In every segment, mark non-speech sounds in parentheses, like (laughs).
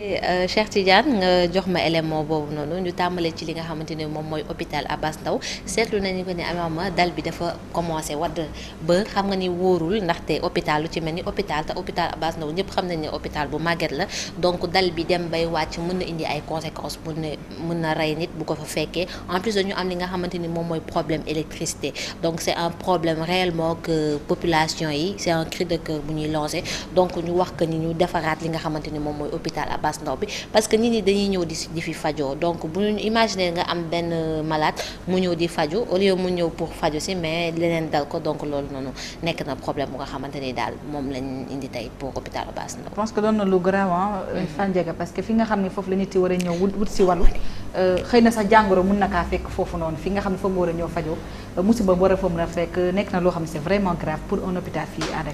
Euh, Cheikh Tidiane nga jox ma élément boobu noonu ñu tàmbalee ci li nga xamante ne moom mooy hôpital Abass Ndao seetlu nañu ko ne amaama dal bi dafa commencé wadd ba xam nga ni wóorul ndaxte hôpital lu ci mel ni hôpital te hôpital Abass Ndao ñëpp xam nañ ne hôpital bu màgget la donc dal bi dem bay wàcc mën na indi ay conséquence mën na mën na rey nit bu ko fa fekkee en plus dañu am li nga xamante ni moom mooy problème électricité donc c'est un problème réellement que population yi c'est un bu ñuy lancé donc ñu wax ni ñu defaraat li nga xamante ni moom mooy Abass Ndao bi parce que nit ñi dañuy ñëw di si fi fajoo donc bu ñu imaginer nga am benn malade mu ñëw di faju au lieu mu ñëw pour faju si mais leneen dal ko donc loolu noonu nekk na problème bu nga xamante ni daal moom lañ indi tey pour hôpital Abass Ndao. que doon na lu grave ah. Euh, mm-hmm. parce que fi nga xam ne foofu la nit yi war a ñëw wut wut si wàllu euh, xëy na sax jàngoro mun na kaa fekk foofu noonu fi nga xam ne foofu nga war a ñëw fajoo musiba war a fa mun a nekk na loo xam ne c'est vraiment grave pour un hôpital fii à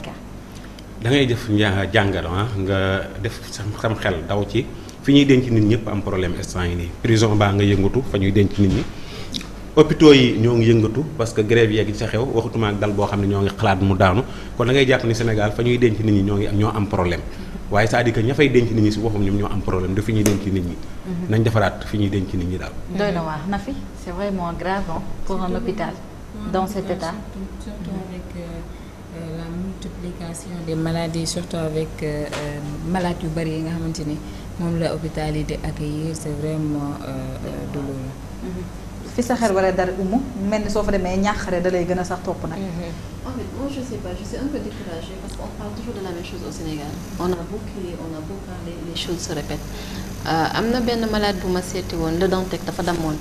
da ngay def jàngat ah nga def sam xel daw ci fi ñuy denc nit ñëpp am problème instant yi nii prison baa nga yëngatu fa ñuy denc nit ñi hôpitaux yi ñoo ngi yëngatu parce que grève yeeg sa xew waxutuma ak dal boo xam ne ñoo xalaat mu daanu kon da ngay jàpp ni Sénégal fa ñuy denc nit ñi ñoo ngi ñoo am problème waaye c'est-à-dire que ña fay denc nit ñi si boppam ñoom ñoo am problème du fi ñuy denc nit ñi. nañ defaraat fi ñuy denc nit ñi daal. doy na complication des maladies surtout avec euh, euh, malades yu bëri yi nga xamante ni moom la hôpital yi di accueillir c'est vraiment euh, mm-hmm. fi sa xel wala dara umu mel ni soo fa demee ñaaxare da lay gën a sax topp nag. Mm-hmm. en fait moi je a am na benn malade bu ma seeti woon le Dantec dafa damoon.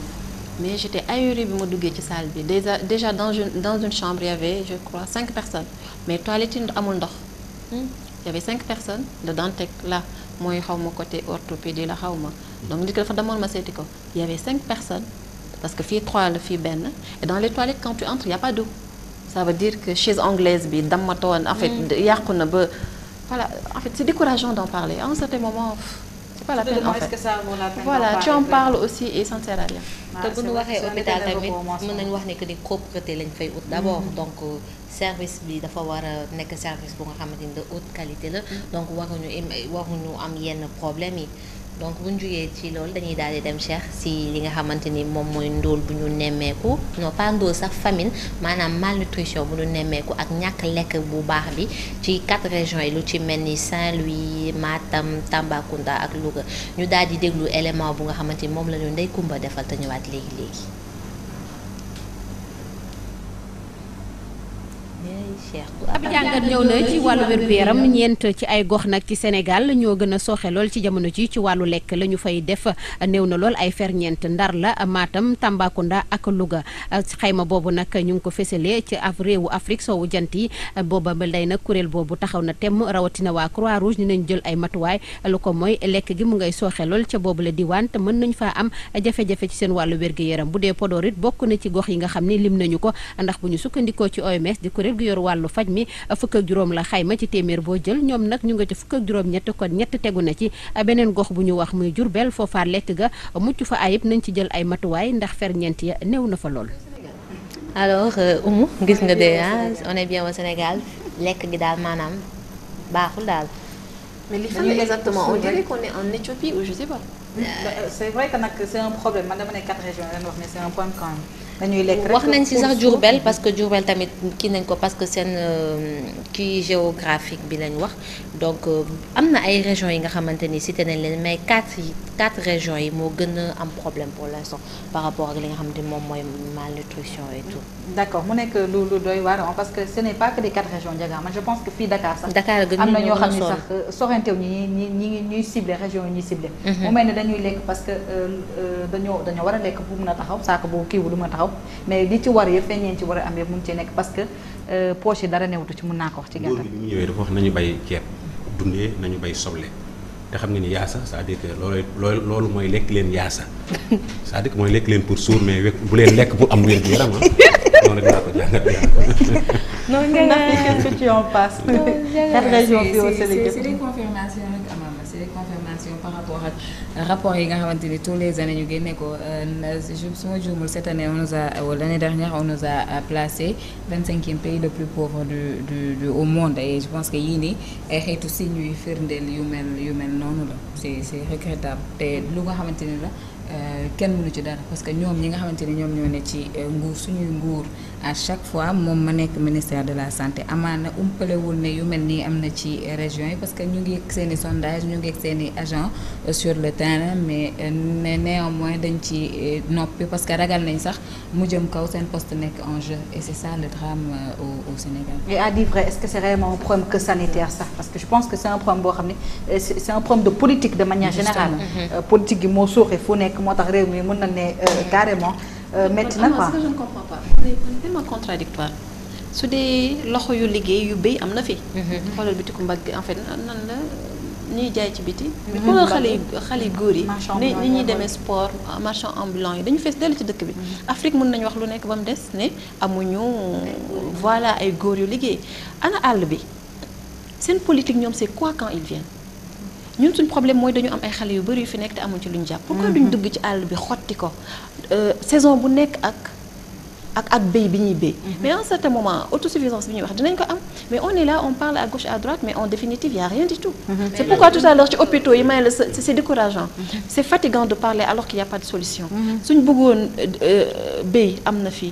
mais j'étais ahurie bi ma duggee ci salle bi déjà déjà dans une chambre il je crois cinq personnes. mais toilette yi amul ndox hmm? y avait cinq personnes le dante la mooy xaw ma côté orthopédie la xaw ma donc nit ki dafa demoon ma seeti ko y avait cinq personnes parce que fii trois la fii benn dans les toilettes quand tu entres y a pas d'eau ça veut dire que chaise anglaise bi damatoon en fait hmm. yàqu na ba voilà en fait c'est décourageant d'en parler à un certain moment c'est pas la peine en fait voilà tu en parles aussi et ça ne ah, te bu ñu waxee hôpital tamit mën nañu wax ne que ni propreté lañ fay ut. d'abord mm-hmm. donc euh, service bi dafa war a nekk service bu nga xamante ni de haute qualité la. Mm-hmm. donc waruñu ñu am yenn problème yi. donc bu ñu jugee ci loolu dañuy daal di dem Cheikh si li nga xamante ni moom mooy ndóol bu ñu nemmeeku ñoo pas ndóol sax famine maanaam malnutrition bu ñu nemmeeku ak ñàkk lekk bu baax bi ci quatre régions yi lu ci mel ni Saint-Louis Matam Tambacounda ak Louga ñu daal di déglu élément bu nga xamante ni moom lañu ñu Ndeye Kumba defal te ñëwaat léegi léegi. ab jàngat ñëw na ci wàllu wér yaram ñeent ci ay gox nag ci Sénégal ñoo gën a sooxe lool ci jamono ji ci wàllu lekk la ñu fay def néew na lool ay ferñeent Ndar la maatam Tambacounda ak Louga xayma boobu nag ñu ngi ko fësalee ci af réewu Afrique soowu jant yi booba ba day nag kuréel boobu taxaw na temm rawatina waa Croix Rouge dinañ jël ay matuwaay lu ko mooy lekk gi mu ngay sooxe lool ca boobu la diwaan te mën nañ faa am jafe-jafe ci seen wàllu wér yaram bu dee Podor bokk na ci gox yi xam ne lim nañu ko ndax bu ñu sukkandikoo ci OMS di kuréel gi yor wàllu faj mi fukk ak juróom la xayma ci téeméer boo jël ñoom nag ñu nga ci fukk ak juróom ñett kon ñett tegu na ci beneen gox bu ñu wax muy Jurbel foofa lekk ga mucc fa ay ayib nañ ci jël ay matuwaay ndax fer ferñeent ya néew na fa lool euh, gis nga de on est bien au gi daal maanaam baaxul daal. mais li euh, fan dañuy lekk rek wax nañ si sax Diourbel parce que Diourbel tamit kii nañ ko parce que seen euh, kii géographique bi lañ wax donc euh, am na ay régions yi nga xamante ni cité leen mais quatre yi yi moo gën a am problème pour l'instant par rapport ak li nga xamante ni moom mooy malnutrition et tout. d'accord mu nekk lu lu doy waar parce que ce n'est pas que quatre régions Ndiaga man je pense que fii Dakar sax. Dakar gën am ñoo xam ne sax euh, sorante ñi ñi ñuy ciblé région yi waaw mais li ci war yëpp feeñeen ci war a am yëpp mu ngi ci nekk parce que euh, poche yi dara newutu ci mun naa ko wax ci gàttal bi mu ñëwee dafa wax nañu bay ceeb dundee nañu bay soble te xam nga ni yaasa c'est-à-dire que loolu loolu mooy lekk leen yaasa (laughs) c'est-à-dire que mooy lekk leen pour suur mais bu leen lekk bu am wér gu yaram ah (laughs) noonu laa ko jàngat noonu ngeen appliqué ce qui en passe. quatre régions bi au Sénégal c'est des confirmations rek par rapport ak rapport yi nga xamante ni tous les années ñu génne ko euh, su ma juumul cette année on nous a euh, euh, placé vingt-cinquième pays le plus pauvre du du au monde et je pense que yii nii ay xeetu signes yuy firndeel yu mel yu mel noonu la c'est c'est regrettable te lu nga xamante la Euh, kenn mënu ci dara parce que ñoom ñi nga xamante ni ñoom ñoo ne ci euh, nguur suñuy nguur à chaque fois moom ma nekk ministère de la santé amaana umpalewul ne yu mel nii am na ci euh, région yi parce que ñu ngi ak seen i sondage ñu ngi ak seen i agent sur le terrain mais néanmoins dañ ci noppi parce que ragal nañ sax mu jëm kaw seen post nekk en jeu et c'est ça le drame au au Sénégal. et à dire vrai est-ce que c'est réellement un problème que sanitaire sax parce que je pense que c'est boo xam ne c'est un de politique de manière générale. Mm-hmm. moo tax réew mi mën na ne euh, carrément euh, métti na quoi. je ne su dee loxo yu liggéey yu béy am na fi. Mhm. xoolal bitiku mbagg en fait nan la ñuy jaay ci biti. Mhm. xoolal xale yu xale yu góor yi. ni ni ñuy demee sport marchand ambulant yi dañu fees dellu ci dëkk bi. Mhm. Afrique mun nañu wax lu nekk ba mu des ne amuñu voilà ay góor yu liggéey ana àll bi seen politique ñoom se quoi quand ils viennent. ñun suñ problème mooy dañu am ay xale yu bëri yu fi nekk te amuñ ci luñ jàpp. pourquoi duñ mhm. dugg ci àll bi xotti ko euh, saison bu nekk ak. ak ak béy bi ñuy béy. Mhm. mais à un certain moment autosuffisance bi ñuy wax dinañ ko am mais on est là on parle à gauche à droite mais en définitive y a rien du tout. Mhm. c'est pourquoi tout à l'heure ci yi may la c'est décourageant. c'est fatigant de parler alors qu'il y a pas de solution. suñ bëggoon euh, euh, béy am na fii.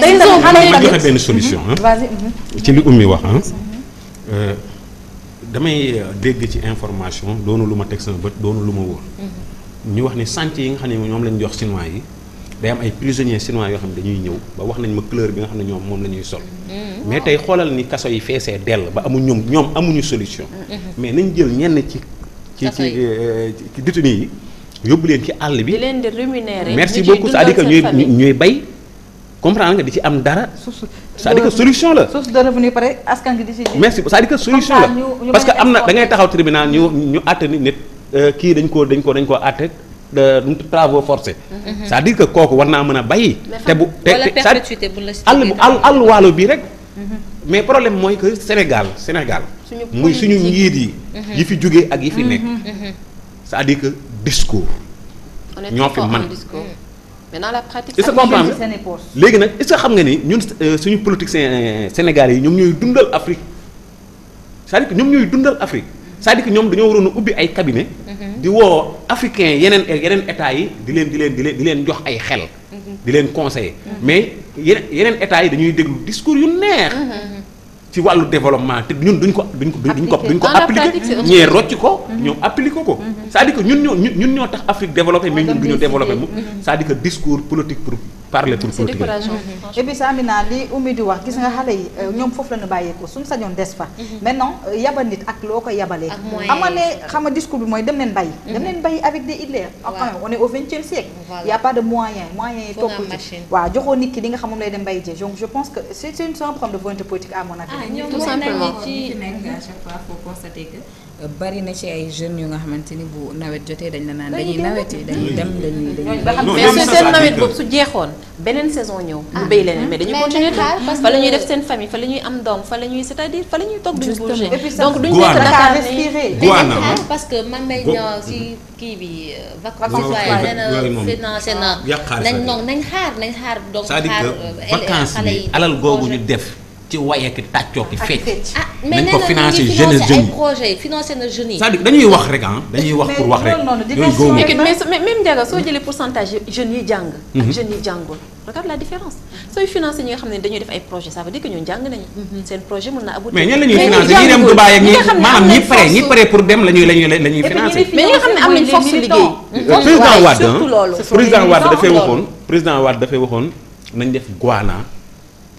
tey nag joxe benn solution mm-hmm. ci li ummi wax euh, damay euh, dégg ci information doonu lu ma teg sama bët doonu lu ma wóor. Mm-hmm. ñu wax ni chantier yi nga xam ne ñoom lañ jox chinois yi day am ay prisonniers chinois yoo xam ne dañuy ñëw ba wax nañ ma couleur bi nga xam ne ñoom moom la ñuy sol. Mm-hmm. mais tey xoolal ni kaso yi feesee dell ba amu ñoom ñoom amuñu solution. mais nañ jël ñenn ci ci ci euh, détenu yi yóbbu leen ci àll bi. di leen di rémunérer merci beaucoup c'est-à-dire que ñuy ñuy bay. comprendre nga di ci am dara. c'est-à-dire que solution la. source de revenu pare askan gi di ci. merci c'est-à-dire que ni nit euh, kii dañ ko dañ ko dañ ko àtte de travaux forcés. Mm-hmm. cest kooku war naa mën a bàyyi. te bu te àll bu àll àll waalo bii rek. Mm-hmm. mais problème mooy que Sénégal Sénégal. muy suñu njiit yi. Mm-hmm. yi fi jógee ak yi fi nekk. c'est-à-dire que discours. ñoo fi man mais dans la pratique. est-ce que comprendre léegi nag est-ce xam nga ni ñun euh, suñu politique euh, sénégalais yi ñoom ñooy dundal Afrique cest à ñoom ñooy dundal Afrique cest à ñoom dañoo waroon ubbi ay cabinet mhm. di woo africain yeneen euh, yeneen état yi di leen di leen di leen di leen jox ay xel. Mhm. di leen conseiller. Mhm. mais yeneen yeneen état yi dañuy déglu discours yu neex. ci wàllu développement te ñun duñ ko duñ ko duñ ko duñ ko appliqué ñee rocc ko mm-hmm. ñoom appliqué ko mm-hmm. cest à ñun ñoo ñun ñoo tax Afrique développé mais ñun duñu développé mu mm-hmm. cest à discours politique pour parler pour politique mm-hmm. et puis ça Amina li Oumy di wax gis nga xale yi euh, ñoom foofu la ñu bàyyeekoo suñu sañoon des fa mm-hmm. maintenant euh, yabal nit ak loo koy yabalee xam ne xam nga bi mooy dem leen bàyyi mm-hmm. dem leen bàyyi avec des idées on est au vingtième siècle il pas de moyen moyen yi topp ci waaw joxoo nit ki li nga xam moom lay dem bàyyi ji je pense que c'est une un problème de volonté politique à mon avis ah, tout simplement bari na ci ay jeunes yu nga xamante ni bu nawet jotee dañ la naan dañuy nawet yi dañuy dem dañuy dañuy. mais seen nawet ñëw. ñu béy leen mais dañuy ah. continuer fa la ñuy def seen famille fa la ñuy am doom fa la ñuy fa la ñuy toog duñu bouger donc duñu nekk Dakar ne parce que man mbay ñoo si kii bi euh, vacances waaye nee na seen nañ noonu nañ xaar nañ xaar donc xaar euh, xale yi alal googu ñu def ci way ak tàccoo ki fecc. Ah, nañ ko financer jeunesse jeunes yi projet financé na jeunes yi. c'est-à-dire dañuy wax rek ah dañuy wax pour wax rek. mais même Ndiaga soo jëlee pourcentage jeunes yi jàng. Mhm. ak jeunes yi jàngul. regarde la différence sooy financé ñi nga xam ne dañuy def ay projet ça veut dire que ñun jàng nañu. Mhm. seen projet mën na aboutir. mais ñenn la ñuy financé ñi dem Dubaay ak ñi maanaam ñi pare ñi pare pour dem la ñuy la ñuy la ñuy financé. mais ñi nga xam ne am nañ force liggéey. président Wade président Wade dafay waxoon président Wade dafay waxoon nañ def Guana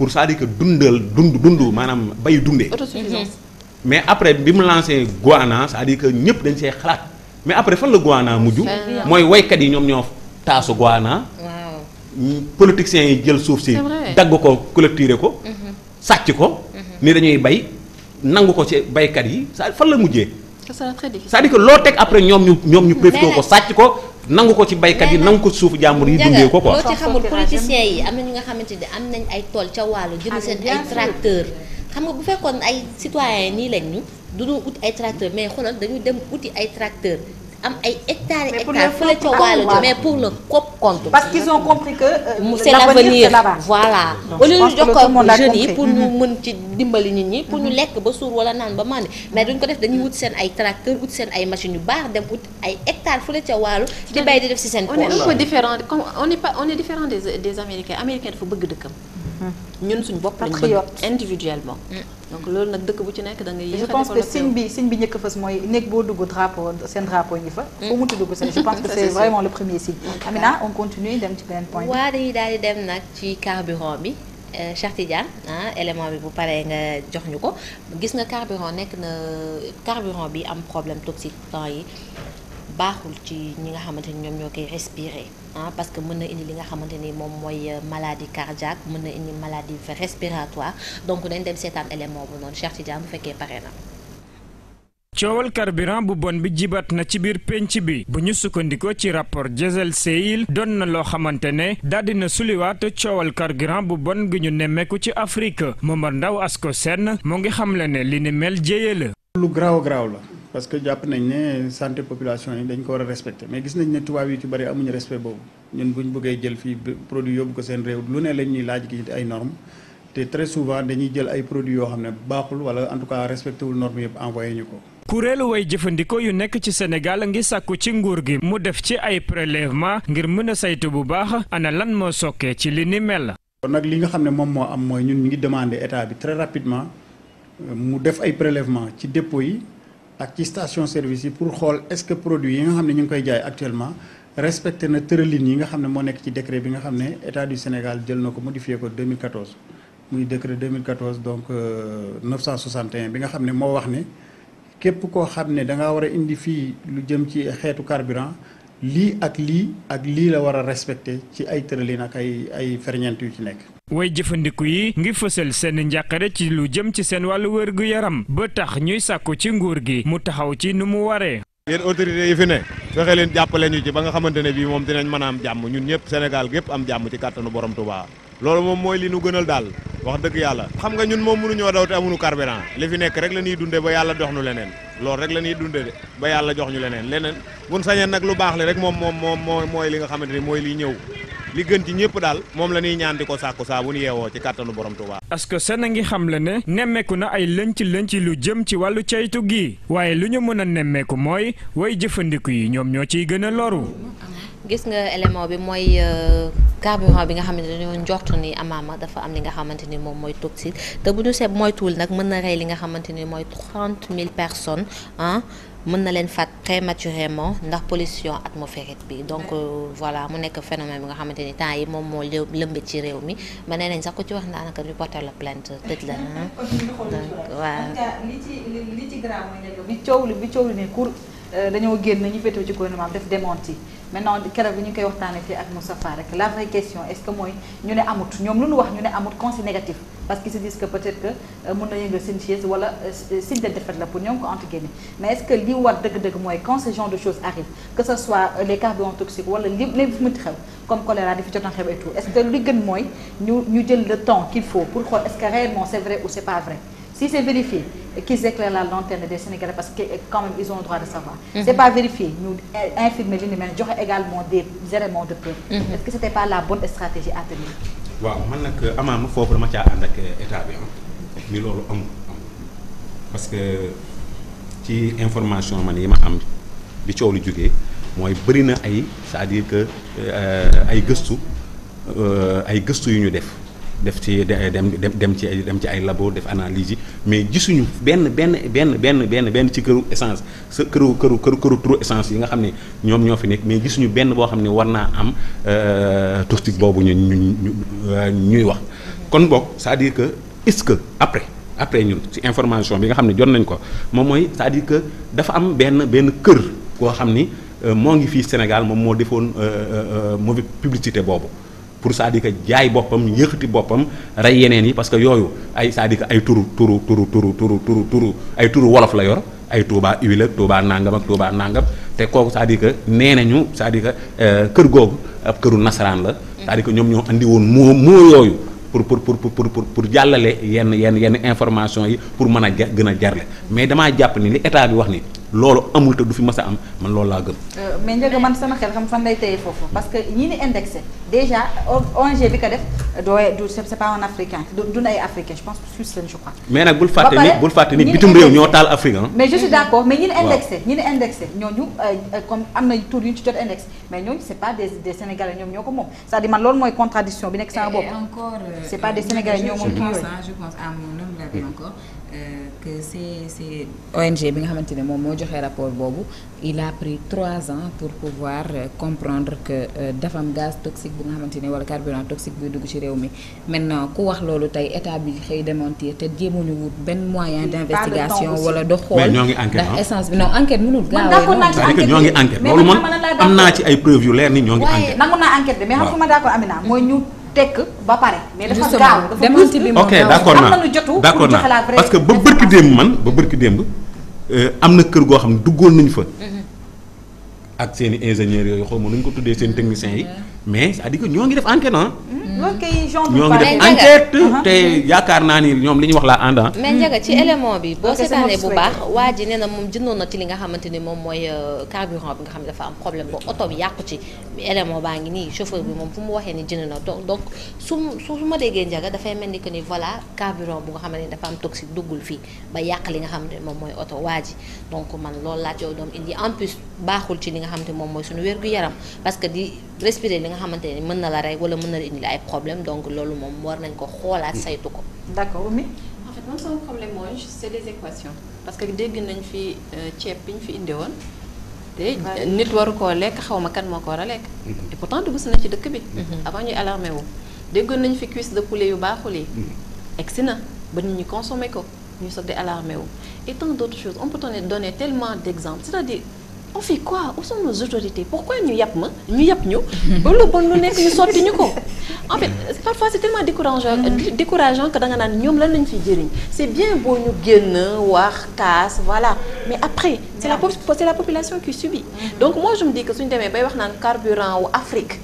pour c'est-à-dire dundal dund dund maanaam bay dundee. Mm-hmm. mais après bi mu lancé Goana c'est-à-dire que ñëpp dañ see xalaat mais après fan la Goana mujj. mooy woykat yi ñoom ñoo taasu Goana. Mm, politiciens yi jël suuf si. dagg ko collecturé ko. Mm-hmm. sàcc ko. Mm-hmm. ni dañuy bay nangu ko ci baykat yi fan la mujjee. sa à loo teg après ñoom ñu ñoom ñu profité ko sàcc ko. nangu ko ci baykat yi nangu ko suufu jàmbur yi dundee ko ko loo ci xamul politiciens yi am na ñi nga xamante ne am nañ ay tool ca wàllu jënd ah, seen ay tracteur xam nga bu fekkoon ay citoyen nii lañ ñu du ñu ut ay tracteur mais xoolal dañu dem uti ay tracteur am ay hectares et hectares fële ca wàllu mais pour le propre compte. parce qu'ils que. Euh, c'est l'avenir voilà. au lieu ñu jox yi pour ñu mm-hmm. mën ci dimbali nit ñi. pour ñu mm-hmm. lekk ba suur wala naan ba màndi mais duñ ko def dañuy wut seen ay tracteurs wut seen ay machines yu baax dem wut ay hectares fële ca wàllu di bay di def si seen. on est un peu différent comme on est pas on est différent des des Américains Américains dafa bëgg dëkkam. ñun suñ bopp lañ bëgg individuellement. Mm. donc loolu nag dëkk bu ci nekk da ngay a je pense que signe bi signe bi njëkk fës mooy néeg boo dugg drapeau seen drapeau ñi fa. Mm. foo mu dugg seen je pense que c'est vraiment le premier signe. Amina on continue dem ci beneen point. waaw dañuy daal di dem nag ci carburant bi. Euh, Cheikh Tidiane ah élément bi bu paree nga jox ñu ko gis nga carburant nekk na carburant bi am problème toxique temps yi baaxul ci ñi nga xamante ni ñoom ñoo koy respirer ah, parce que mën na indi li nga xamante ni moom mooy euh, maladie cardiaque mën na indi maladie respiratoire donc dañ dem seetaan élément bu noonu Cheikh Tidiane bu fekkee pare na. coowal carburant bu bon bi jibat na ci biir pénc bi bu ñu sukkandikoo ci rapport Diesel Seil doon na loo xamante ne daldi na suliwaat coowal carburant bu bon gi ñu nemmeeku ci Afrique Momar Ndaw Ascosen mu ngi xamle ne li ni lu garaaw parce que jàpp nañ ne santé population yi dañ ko war a respecté mais gis nañ ne tubaab yi ci bari amuñu respect boobu ñun buñ bëggee jël fi produit yóbbu ko seen réew lu ne lañ ñuy laaj gi ay normes te très souvent dañuy jël ay produits yoo xam ne baaxul wala en tout cas respecté wul normes yëpp envoyé ñu ko. kuréelu way jëfandikoo yu nekk ci Sénégal ngi sàkku ci nguur gi mu def ci ay prélèvement ngir mën a saytu bu baax ana lan moo sokkee ci li ni mel. kon nag li nga xam ne moom moo am mooy ñun ñu ngi demandé état bi très rapidement euh, mu def ay prélèvement ci dépôt yi. ak ci station service yi pour xool est-ce que produit yi nga xam ne ñu ngi koy jaay actuellement respecté na tëralin yi nga xam ne moo nekk ci décret bi nga xam ne état du Sénégal jël na ko modifié ko 2014 muy décret 2014 donc 961 euh, bi nga xam ne moo wax ne képp koo xam ne danga war a indi fii lu jëm ci xeetu carburant lii ak lii ak lii la war a respecté ci ay tëralin ak ay ay ferñeent yu ci nekk. way jëfandiku yi ngir fësal seen njàqare ci lu jëm ci seen wàll wàllu wérgu yaram ba tax ñuy sàkku ci nguur gi mu taxaw ci ni mu waree. yéen autorités yi fi ne fexe leen jàppale ñu ci ba nga xamante ne bii moom dinañ mën am jàmm ñun ñëpp Sénégal gépp am jàmm ci kàttanu borom Touba loolu moom mooy li nu gënal daal wax dëgg yàlla xam nga ñun moom mënuñoo daw te amuñu carburant li fi nekk rek la ñuy dunde ba yàlla jox ñu leneen loolu rek la ñuy dunde de ba yàlla jox ñu leneen leneen buñ sañeen nag lu baax rek moom moom moom mooy li nga xamante ni mooy liy ñëw li gën ci ñëpp daal moom la ñuy ñaan di ko sàkku saa bu ñu yeewoo ci kàttanu borom Tuubaa parce que seen a ngi xam le ne nemmeeku na ay lënc lënc lu jëm ci wàllu ceytu gi waaye lu ñu mën a nemmeeku mooy way jëfandiku yi ñoom ñoo ciy gën a loru gis nga élément bi mooy euh, carburant bi nga xam ne dañoo njortu ni amaama dafa am li nga xamante ni moom mooy toxique te bu ñu seet moytuwul nag mën na rey li nga xamante ni mooy trente mille personnes ah mën na leen fat faat prématurément ndax mu atmosphérique bi donc euh, voilà mu nekk phénomène bi nga xamante ni temps yi moom moo léw lëmbe ci réew mi ba nee nañ sax ku ci wax daanaka ñu porter la plainte tëj la (laughs) donc waaw li bi coow li bi coow li ne kur euh, dañoo génn ñu féetoo ci gouvernement def démenti maintenant keroog bi ñu koy waxtaanee fii ak Moustapha rek la vraie question est mooy ñu ne amut ñoom lu ñu wax ñu ne amut conseil négatif parce qu'ils se disent que peut-être que euh, mën na yëngal seen chaise wala euh, euh, signe de défaite la pour ñoom ko entre guillemets mais est-ce que li war dëgg-dëgg mooy quand ce genre de choses arrive que ce soit les carburants toxiques wala li li fi xew comme choléra di fi jotoon xew et est que li gën mooy ñu ñu jël le temps qu'il faut ki éclairent la lanterne des Sénégalais parce que quand même ils ont le droit de savoir. Mm -hmm. c'est pas vérifié ñu infirmer li ni mel joxe également de preuve. Mm -hmm. que c'était pas la bonne stratégie à waaw man nag euh, amaama foofu dama caa ànd ak euh, état bi ah. ni loolu amul parce que ci information man yi ma am bi coow lu jógee mooy bëri na ay sa à dire que euh, ay gëstu ay gëstu yu ñu def. def ci dem dem ci dem ci ay labo def analyse mais gisuñu benn benn benn benn benn benn ci këru essence sa këru këru këru këru trou essence yi nga xam ne ñoom ñoo fi nekk mais gisuñu benn boo xam ne war naa am euh, toxique boobu ñu ñu euh, ñuy wax kon boog c'est-à-dire que est-ce que après après ñun ci information bi nga xam ne jot nañ ko moom mooy cest à que dafa am benn benn kër koo xam ni euh, moo ngi fii Sénégal moom moo defoon mauvaise publicité boobu pour c'est-à-dire que jaay boppam yëkkati boppam rey yeneen yi parce que yooyu ay cest à ay turu turu turu turu turu turu turu ay turu wolof la yor ay Touba huile ak Touba nangam ak Touba nangam te kooku cest à nee nañu c'est-à-dire euh, kër googu ab këru nasaraan la. cest à ñoom ñoo indi woon mu moo yooyu. pour pour pour pour pour jàllale yenn yenn yenn information yi pour mën a gën a jarle mais damaa jàpp ni li état bi wax ni loolu amul te du fi mas a am man loolu laa gëm. Euh, mais njëga man sama xel xam fan lay téye foofu parce que ñi ni indexé déjà ONG bi ko def dooy du c'est pas un africain du du africain je pense que suisse lañ je crois. mais nag bul fàtte ni bul fàtte ni bitim réew ñoo taal Afrique mais je suis d'accord mais ñi ni indexé ñooñu euh, euh, comme am na tur yu ñu ci jot index mais ñooñu c'est pas des des ñoom ñoo ko moom cest à loolu mooy contradiction bi nekk sama bopp. c'est pas des sénégalais ñoo moom Euh, que c'est c'est ONG bi nga xamante ne moom moo joxee rapport boobu il a pris trois ans pour pouvoir euh, comprendre que euh, dafa am gaz toxique bu nga xamante ne wala carburant toxique buy dugg ci réew mi maintenant ku wax loolu tey état bi xëy démentir te jéemuñu wut benn moyen d'investigation wala de xool ndax essence bi non enquête mënul gaawee noonu ñoo ngi enquête loolu man am naa ci ay preuves ñoo ngi enquête nangu naa enquête de mais xam fu ma d'accord Amina mooy ñu tekk ba pare. mais dafa gaaw dafa juste ok d'accord naa d'accord naa parce que ba bërki démb man ba bërki démb euh, am na kër goo xam ne duggoon nañu fa. Mhm. ak seen i yooyu xaw ma nu ñu ko tuddee seen techniciens yi. mais a à dire ñoo ngi def enquête loolu kay genre uh-huh. te yaakaar naa ni ñoom li ñu wax la ànd ah. mais njaga ci élément bi boo seetaanee bu baax waa ji nee na moom jëndoon na ci li nga xamante ni moom mooy euh, carburant bi nga xam ne dafa am problème ba oto bi yàqu ci élément baa ngi nii chauffeur moom fu mu waxee ni jënd na donc su su ma déggee njaga dafay mel ni que ni voilà carburant bu nga xam ne dafa am duggul fii ba yàq li nga xam ne moom mooy oto waa ji donc man loolu laa ci doom indi en plus baaxul li nga xamante moom mooy suñu wér-gu-yaram parce que di respirer li nga xamante ni mën na la rey wala mën na la indi problème donc loolu moom war nañ ko xoolaat hmm. saytu ko. d'accord Oumy. en fait man sama problème mooy c'est des équations parce que dégg nañ fi euh, ceeb bi ñu fi indi woon te nit waru koo lekk xaw ma kan moo ko war a lekk. Hmm. et pourtant dugg si ci dëkk bi. Hmm. avant ñuy alarmé wu. déggoon nañ fi cuisse de poulet yu baaxul yi. egsi na ba nit ñi consommé ko ñu soog di alarmé wu et tant d'autres choses on donner tellement d'exemples c'est-à-dire. on fait quoi où sont nos autorités pourquoi ñu yàpp ma ñu yàpp ñu ba lu bon lu nekk ñu sotti ñu ko en fait parfois c'est tellement décourageant mm. décourageant que da naan ñoom lan lañu fi jëriñ c'est bien boo ñu génn wax kaas voilà mais après c'est la c'est la population qui subit mm. donc moi je me dis que demee bay wax naan carburant wu Afrique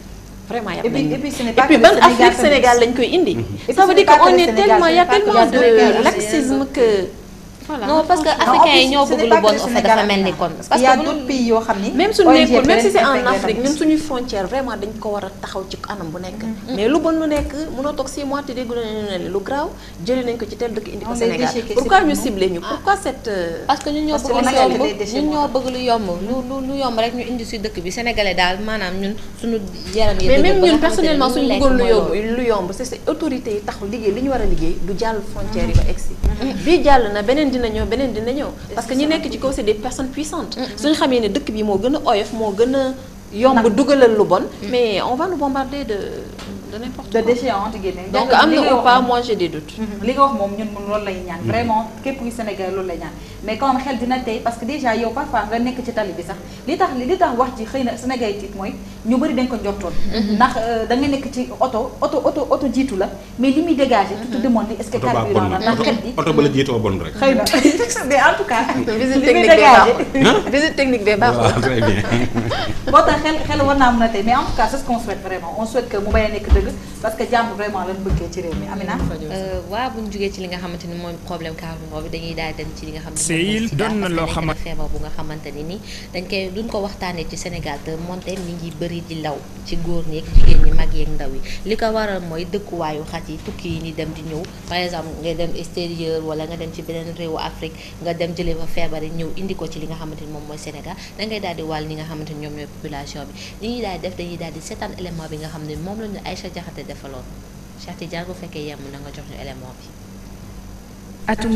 vraiment yàpp nañu et puis ban Afrique Sénégal lañ koy indi mm-hmm. ça veut dire que on est tellement il y de laxisme que voilà non parce que africains yi ñoo bëgg lu bon off dafa mel ni kon. parce que y' a d'autres pays yoo xam ni. même suñu nekkoon même si c'est en Afrique même suñuy frontière vraiment dañ ko war a taxaw ci anam bu nekk. Mm-hmm. mais lu bon lu nekk mënoo toog 6 mois te dégg nañu ne lu graaw jëlee nañ ko ci tel dëkk indi ko Sénégal pourquoi ñu ciblé ñu ah. pourquoi cette. Euh, parce que ñun ñoo bëgg lu yomb ñun lu yomb rek ñu indi dëkk bi sénégalais daal maanaam ñun suñu yaram yi. mais même ñun personnellement suñu ñu war a liggéey du jàll frontière yi mm-hmm. dina ñëw beneen dina ñëw parce que ñu nekk ci kaw c'est des personnes puissantes suñu xamee ne dëkk bi moo gën a oyof moo gën a yomb dugalal lu bon mm. mais on va nous bombarder de de n'importe quoi de déchets ah am na ou pas moi mhm. li nga wax moom ñun mun loolu lay ñaan. Mhm. vraiment képp kuy Sénégal loolu lay ñaan. mais quand même que déjà yow parfois nga nekk ci na ko njortoon. Mhm. ndax euh, da nga nekk ci oto oto oto oto jiitu la tey mais en tout cas c'est ce qu'on souhaite vraiment on souhaite que mu bañ a nekk dëgg parce que jàmm vraiment lan bëggee ci réew mi Amina. Euh, waaw bu li nga xamante ni mooy problème carburant bi dañuy daal dem ci li ni nii dañ koy ko waxtaanee ci Sénégal te moonte mi ngi bëri di law ci góor ñeeg jigéen ñi mag yeeg ndaw yi li ko waral mooy dëkkuwaayu yi tukki yi ni dem di ñëw par exemple ngay dem extérieur wala ci beneen réewu Afrique nga dem jëlee fa feebar yi ñëw indi ko ci li nga xamante ni moom mooy Sénégal da ñoom ñooy population bi li ñuy daal def dañuy daal seetaan élément bi nga xam ne moom lañu Aïcha Aïssata Diakhaté defaloon Cheikh Tidiane bu fekkee yemm na nga jox ñu élément bi. atum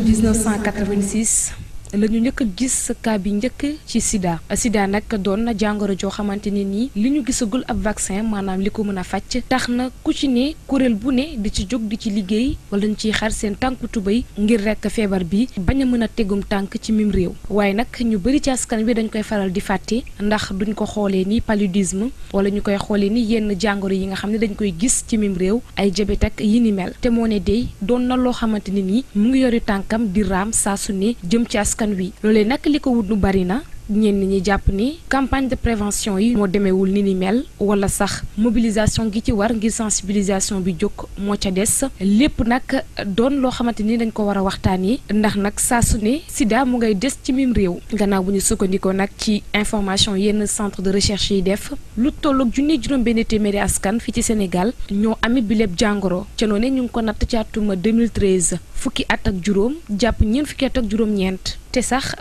la ñu njëkk a gis cas bi njëkk ci Sida Sida nag doon na jàngoro joo xamante ne nii li ñu gisagul ab vaccin maanaam li ko mën a faj tax na ku ci ne kuréel bu ne di ci jóg di ci liggéey wala ñu ciy xar seen tànku tubéy ngir rek feebar bi bañ a mën a tegum tànk ci mim réew waaye nag ñu bëri ci askan bi dañu koy faral di fàtte ndax duñ ko xoolee ni paludisme wala ñu koy xoolee ni yenn jàngoro yi nga xam ne dañ koy gis ci mim réew ay jabet takk yi ni mel te moo ne doon na loo xamante ne nii mu ngi yori tànkam di raam saa jëm ci askan askan wi loolee nag li ko wut lu bari na ñenn ñi jàpp ni campagne de prévention yi moo demeewul ni ni mel wala sax mobilisation gi ci war ngir sensibilisation bi jóg moo ca des lépp nag doon loo xamante ni dañ ko war a waxtaanee ndax nag saa su ne sida mu ngay des ci mim réew gannaaw bu ñu sukkandikoo nag ci information yenn centre de recherche yi def lu tolloog junni juróom-benn téeméeri askan fi ci Sénégal ñoo ami bileb jàngoro ca noonu ñu ngi ko natt ci atuma 2013 fukki at ak juróom jàpp ñeent fukki sax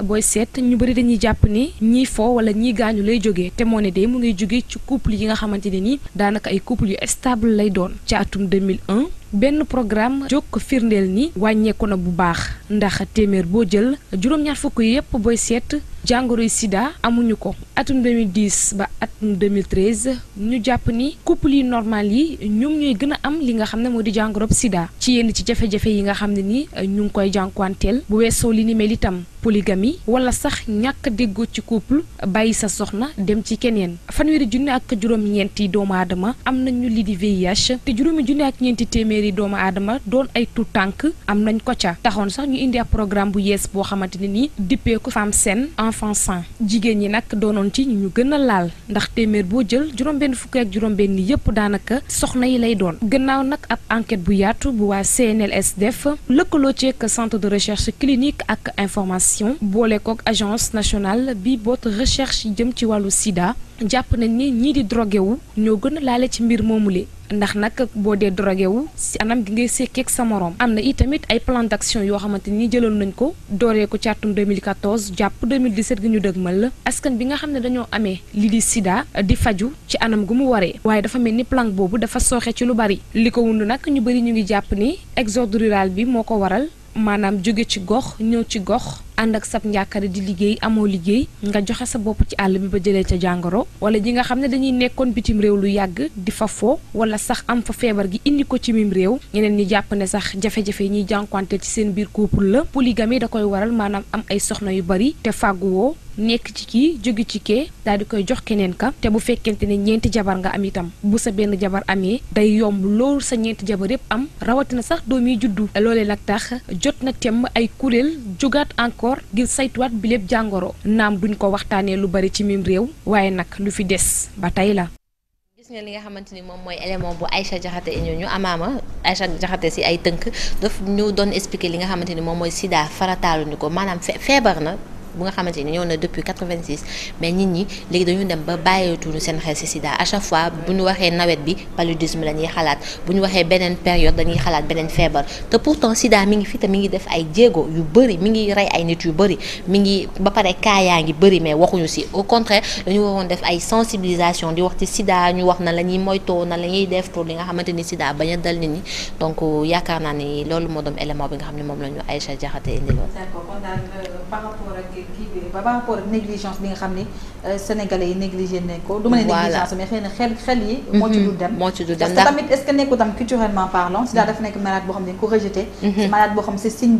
ni ñiy fo wala ñiy gaañu lay jógee te moo ne de mu ngay jóge ci couple yi nga xamante ne nii daanaka ay couple yu stable lay doon ci atum 2001 benn programme jokk firndeel ni wàññeeku na bu baax ndax téeméer boo jël juróom fukk yépp booy seet jàngoroy sida amuñu ko atum 2010 ba atum 2013 ñu jàpp ni couple yi normal yi ñoom ñooy gën a am li nga xam ne moo di jàngorob sida ci yenn ci jafe-jafe yi nga xam ne ni ñu ngi koy jànkuwanteel bu weesoo li ni mel itam polygamie wala sax ñàkk déggoo ci couple bàyyi sa soxna dem ci keneen fanweeri junne ak juróom-ñeenti doomu aadama am nañu li di VIH te juróomi junne ak ñeenti téeméer téeméeri doomu aadama doon ay tànk am nañ ko ca taxoon sax ñu indi ab programme bu yees boo xamante ne nii dippee ko femme saine enfant sain jigéen ñi nag doonoon ci ñu gën a laal ndax téeméer boo jël juróom-benn fukki ak juróom yépp daanaka soxna yi lay doon gannaaw nag ab enquête bu yaatu bu waa CNLS def lëkkaloo ceek centre de recherche clinique ak information boole kook agence nationale bi boot recherche yi jëm ci wàllu sida jàpp nañ ni ñii di drogué ñoo gën a laale ci mbir moomule ndax nag boo dee drogué wu si anam gi ngay sekkeeg sa moroom am na itamit ay plan d'action yoo xamante ni jëloon nañ ko dooree ko ci atum 2014 jàpp 2017 gi ñu dëgmal la askan bi nga xam ne dañoo amee li di sida di faju ci anam gu mu waree waaye dafa mel ni plan boobu dafa sooxe ci lu bari li ko wund nag ñu bari ñu ngi jàpp ni exode rural bi moo ko waral maanaam jóge ci gox ñëw ci gox ànd ak sab njàkkare di liggéey amoo liggéey nga joxe sa bopp ci àll bi ba jëlee ca jàngoro wala ji nga xam ne dañuy nekkoon bitim réew lu yàgg di fa foo wala sax am fa feebar gi indi ko ci miim réew ñeneen ñi jàpp ne sax jafe-jafe yi ñuy jànkuwante ci seen biir couple la polygamie da koy waral maanaam am ay soxna yu bari te fàgguwoo nekk ci kii jóge ci kee daal di koy jox keneen ka te bu fekkente ne ñeenti jabar nga am itam bu sa benn jabar amee day yomb loolu sa ñeenti jabar yépp am rawatina sax doom yi juddu loolee nag tax jot na temb ay kuréel jógaat encore d'accord ngir saytuwaat bi lépp jàngoro naam duñ ko waxtaanee lu bari ci mim réew waaye nag lu fi des ba tey la gis nga li nga xamante ni moom mooy élément bu Aïcha Diakhaté ñoo ñu amaama Aïcha Diakhaté si ay tënk daf ñu doon expliquer li nga xamante ni moom mooy sida farataalu ni ko maanaam feebar na bu nga xamante ni ñëw na depuis 86 mais nit ñi léegi dañu dem ba bàyyeetuñu seen xel ci sida à chaque fois bu ñu waxee nawet bi paludisme la ñuy xalaat bu ñu waxee beneen période dañuy xalaat beneen feebar te pourtant sida mi ngi fi te mi ngi def ay jéego yu bëri mi ngi rey ay nit yu bëri mi ngi ba pare kaa yaa ngi bëri mais waxuñu ci au contraire dañu waroon def ay sensibilisation di wax ci sida ñu wax na la ñuy moytoo na la ñuy def pour li nga xamante ni sida bañ a dal nit donc euh, yaakaar naa ni loolu moo doon élément bi nga xam ne moom la ñu Aïcha Diakhaté indiloon par rapport ak négligence bi nga xam ni euh, sénégalais yi négligé nañ ko. du ma ne négligence mais xel xel yi. Mhm. moo ci dul dem moo ci dul dem ndax tamit est nekk malade mhm.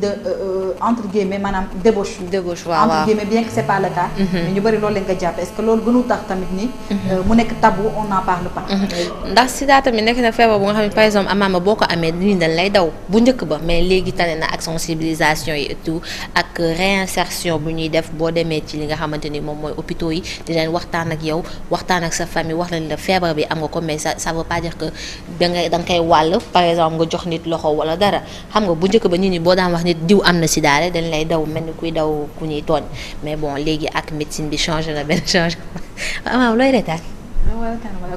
euh, euh, débauche. débauche waaw entre guillemets bien que c'est pas mhm. ñu bëri loolu lañ ko jàpp est ce que loolu gënu tax tamit ni. mu nekk tabou on n'en parle pas. ndax sida tamit nekk na feebar bu nga xam ne par exemple amaama boo ko amee nit dañ lay daw bu njëkk ba mais léegi tane na ak sensibilisation demee ci li nga xamante ni moom mooy hôpitaux yi dinañ waxtaan ak yow waxtaan ak sa famille wax nañ la feebar bi am nga ko mais ça ça veut pas dire que da nga da nga wàll par exemple nga jox nit loxo wala dara xam nga bu njëkk ba nit ñi boo daan wax nit diw am na si daale dañ lay daw mel ni kuy daw ku ñuy tooñ mais bon léegi ak médecine bi changé na benn changé (laughs) waaw looy reetaan. waaw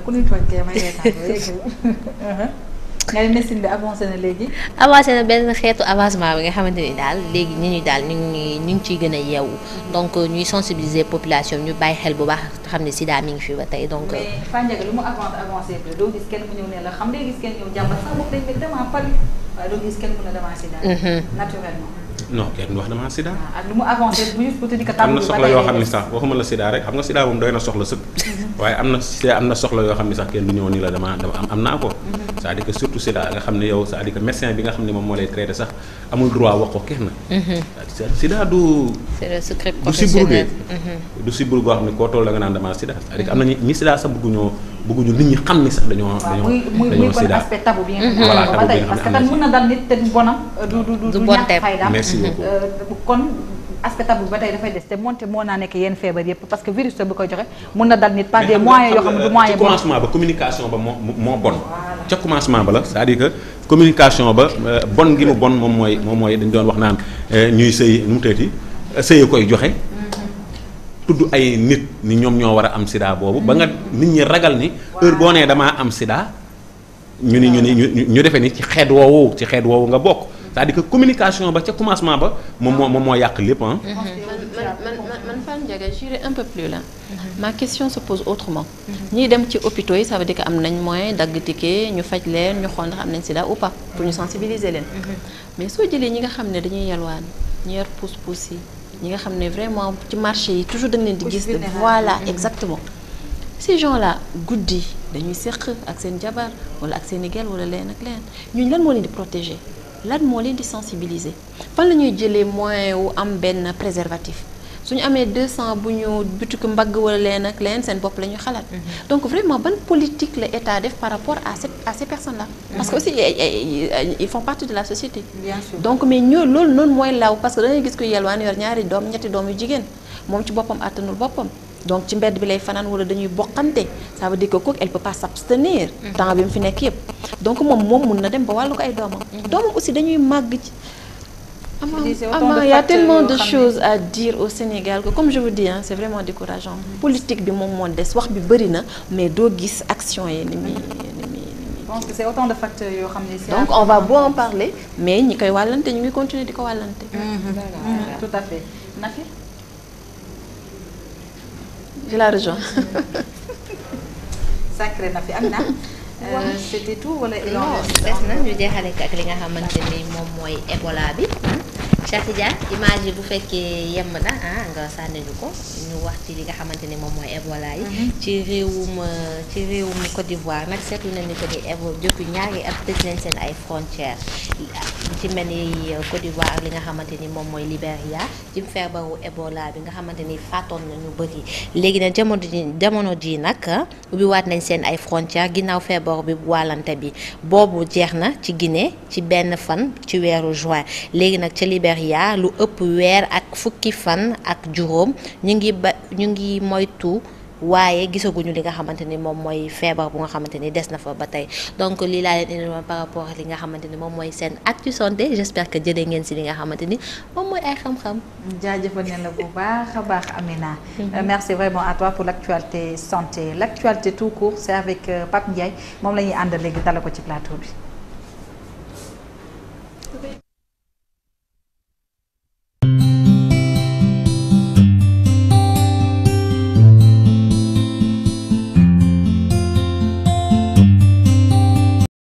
reetaan (laughs) (laughs) nga ne Nessim bi avancé na léegi. avancé na benn xeetu avancement bi nga xamante ni daal léegi ni ñu daal ñu ngi ñu ngi ciy gën a yeewu. donc ñuy sensibiliser population ñu bàyyi xel bu baax xam ne sida mi ngi fi ba tey donc. mais Fane lu mu avancé avancé bi doo gis kenn mu ñëw ne la xam day gis kenn ñëw jàmbat sax wax dañ ne damaa palu waaye doo gis kenn mu ne damaa sida. Mhm. naturellement. non kenn wax damaa sida. ak ah, lu mu avancé am na soxla yoo xam ne sax waxuma la sida rek xam nga sida moom doy na soxla sëkk. Mhm. waaye am na soxla yoo xam ne sax kenn du ñëw nii la dama am naa ko. Mhm. cest à surtout sida nga xam ne yow c'est-à-dire bi nga xam ne moom moo lay traité sax amul droit wax ko kenn. Mhm. sida du. c'est le du sibru de. xam ne koo toll la nga naan damaa sida. cest à am na ñi sida sax bëgguñoo bëgguñu nit ñi xam ni sax dañoo. Ah, dañoo dañoo dañoo sida muy aspect tabou mhm. bi nga xam parce que tam mën na dal nit te bonam. Euh, du du du ñàkk fayda merci euh, kon. aspect tabou ba tey dafay des te moonte moo naa nekk yenn feebar yëpp parce que virus bi koy joxe mun na dal nit par des moyens yoo xam ne du moyen ba communication ba moo moo bon ca commencement ba la c'est-à-dire que communication ba euh, bon gi mu bon moom mooy moom mooy dañu doon wax naan ñuy sëy nu mu tëddee sëy koy joxe tudd ay nit ni ñoom ñoo war a am sida boobu ba nga nit ñi ragal ni heure boo nee damaa am sida ñu ni ñu ni ñu ñu defee ni ci xeet woowu ci xeet woowu nga bokk c'est-à-dire que communication ba ca commencement ba moom moom moo yàq lépp ah. man man man Fane Ndiaga j'irai un peu mm-hmm. ma question se pose autrement. Mm-hmm. ñiy dem ci hôpitaux yi ça veut am nañ moyen dagg ticket ñu faj leen ñu xool am nañ sida ou pas pour ñu sensibiliser leen. mais soo jëlee ñi nga xam ne dañuy yalwaan ñi yor pousse pousse yi. ñi nga xam ne vraiment ci marché yi toujours dañ leen di gis voilà mm-hmm. exactement ces gens là guddi dañuy séq ak seen jabar wala ak seen i gel wala leen ak leen ñu lan moo leen di protéger lan moo leen di sensibiliser fan la ñuy jëlee moyen wu am benn préservatif suñu amee 200 bu ñu butiku mbagg wala leen ak leen seen bopp la xalaat. donc vraiment ban politique la état def par rapport à cette à ces personnes là. parce que aussi ils font partie de la société. donc mais ñoo loolu noonu mooy law parce que da ngay gis ko yelwaan yor ñaari doom ñetti doom yu jigéen moom ci boppam àttanul boppam. donc ci mbedd bi lay fanaan wala dañuy boqante ça veut dire que kooku elle peut pas s'abstenir mm-hmm. temps bi mu fi nekk yëpp donc moom moom mun na dem ba wàllu ko ay doomam mm-hmm. doomam aussi dañuy Ama y a tellement de choses à dire au Sénégal que comme je vous dis hein c'est vraiment décourageant politique bi moom moo des wax bi bëri na mais doo gis action yi ni muy ni muy je de facteurs yoo xam ne donc on va beau en parler mais ñi koy wàllante ñu ngi continuer di ko wàllante. Mhm. tout à fait Nafi. je (laughs) am na. Euh, tout wala. ñu jeexale ak li nga xamante ni moom mooy Ebola bi. Cheikh Tidiane image yi bu fekkee yemb na ah nga sànni ñu ko ñu wax ci li nga xamante ni moom mooy Ebola yi. Mhm. ci réewum ci réewum Côte d'Ivoire nag seetlu nañu ko ni Ebola depuis ñaari at tëj nañ seen ay frontières ci mel ni euh, Côte d'Ivoire li nga xamante ni moom mooy Libéria ci feebaru Ebola bi nga xamante ni faatoon nañu bëri léegi nag jamono ji jamono ji nag ubbiwaat nañ seen ay frontières ginnaaw feebar bi wàllante bi boobu jeex na ci Guinée ci benn fan ci weeru juin léegi nag ca Libéria Nigéria lu ëpp weer ak fukki fan ak juróom ñu ngi ba ñu ngi moytu waaye gisaguñu li nga xamante ni moom mooy feebar bu nga xamante ni des na fa ba tey donc lii laa leen indiloon par rapport li nga xamante ni moom mooy seen actu santé j'espère que jëlee ngeen si li nga xamante ni moom mooy ay xam-xam. jaajëfal nañ la bu baax a baax Amina. Mhm. Euh, merci vraiment à toi pour l'actualité santé l'actualité tout court c'est avec euh, Pape Ndiaye moom la ñuy àndal léegi dalal ko ci plateau bi.